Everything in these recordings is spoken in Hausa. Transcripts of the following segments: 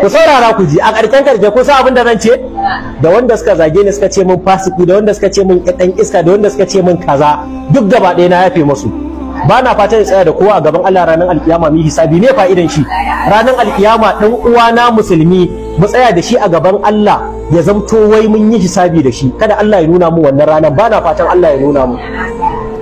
ku saurara ku ji a ƙarshen ƙarshe kun san abin da zan ce da wanda suka zage ni suka ce min fasiki da wanda suka ce min ɗan iska da wanda suka ce min kaza duk gaba ɗaya na yafe musu ba na fatan in tsaya da kowa a gaban Allah ranar alkiyama mi hisabi ne fa'idan shi ranar alkiyama ɗan uwana musulmi mu tsaya da shi a gaban Allah ya zamto wai mun yi hisabi da shi kada Allah ya nuna mu wannan ranar ba na fatan Allah ya nuna mu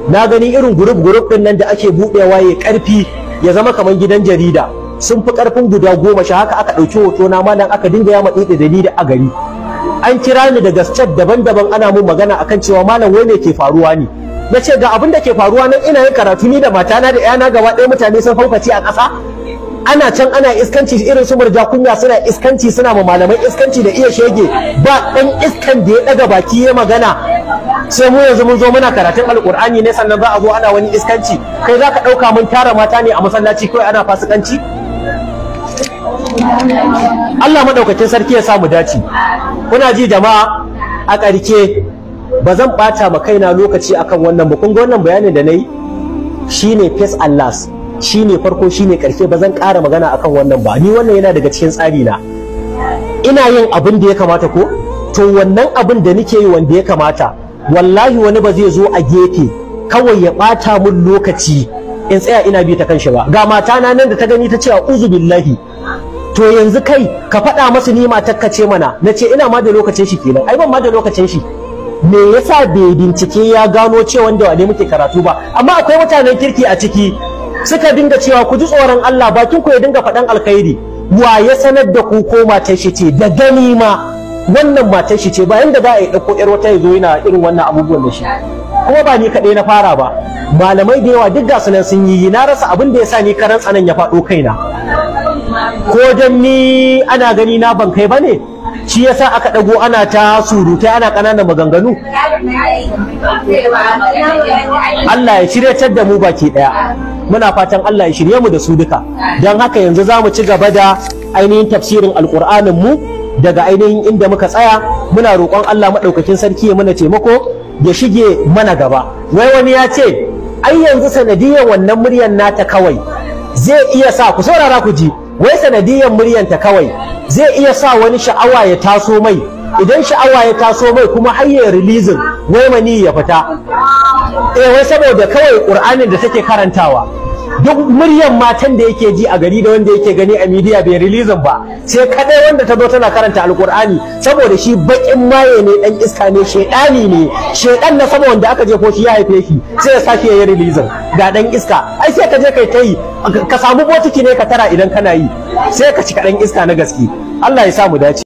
na gani irin gurup gurup ɗin nan da ake buɗewa ya ƙarfi ya zama kamar gidan jarida sun fi karfin guda goma sha haka aka ɗauki hoto na malam aka dinga yama ɗiɗi da ni a gari an kira ni daga chat daban-daban ana mun magana akan cewa malam wai me ke faruwa ne na ce ga abin da ke faruwa nan ina yin karatu ni da matana da yana gaba ɗaya mutane sun haukace a ƙasa ana can ana iskanci irin su murja kunya suna iskanci suna ma malamai iskanci da iya shege ba ɗan iskan da ya ɗaga baki ya magana sai mu yanzu mun zo muna karatun alƙur'ani ne sannan za a zo ana wani iskanci kai za ka ɗauka mun tara mata ne a masallaci kawai ana fasikanci Allah maɗaukacin sarki ya sa mu dace kuna ji jama'a a ƙarke ba zan ɓata ma kaina lokaci akan wannan ba kun ga wannan bayanin da na yi shine face and shine farko shine ƙarshe ba zan ƙara magana akan wannan ba ni wannan yana daga cikin tsari na ina yin abin da ya kamata ko to wannan abin da nake yi wanda ya kamata wallahi wani ba zai zo a gefe kawai ya ɓata mun lokaci in tsaya ina bi ta kan shi ba ga matana nan da ta gani ta ce a uzu billahi to yanzu kai ka faɗa masa ni matakka ce mana nace ina ma da lokacin shi kenan ai ban ma da lokacin shi me yasa bai bincike ya gano cewa da wane muke karatu ba amma akwai mutanen kirki a ciki suka dinga cewa ku ji tsoron Allah bakin ku ya dinga faɗan alkhairi wa ya sanar da ku ko matan shi ce da gani ma wannan matar shi ce ba da za a yi ɗauko ƴar wata ya zo yana irin wannan abubuwan da shi kuma ba ni kaɗai na fara ba malamai da yawa duk gasu nan sun yi na rasa abin da ya sa ni karan tsanan ya faɗo kaina ko dan ni ana gani na ban kai bane shi yasa aka dago ana ta surutai ana ƙananan maganganu Allah ya shiryatar da mu baki daya muna fatan Allah ya shirye mu da su duka dan haka yanzu zamu ci gaba da ainihin tafsirin alqur'anin mu daga ainihin inda muka tsaya muna roƙon Allah maɗaukakin sarki ya mana taimako ya shige mana gaba wai wani ya ce ai yanzu sanadiyar wannan muryar nata kawai zai iya sa ku saurara ku ji wai sanadiyar muryanta kawai zai iya sa wani sha'awa ya taso mai idan sha'awa ya taso mai kuma har rilizin wai mani ya fita eh wai saboda kawai ƙur'anin da take karantawa duk muryan matan da yake ji a gari da wanda yake gani a media bai rilizin ba sai kadai wanda ta zo tana karanta alkur'ani saboda shi bakin maye ne dan iska ne shedani ne shedan na sama wanda aka je ko shi ya haife shi sai ya sake ya rilizin ga dan iska ai sai ka je kai tayi ka samu botiki ne ka tara idan kana yi sai ka ci kadan iska na gaske Allah ya sa mu dace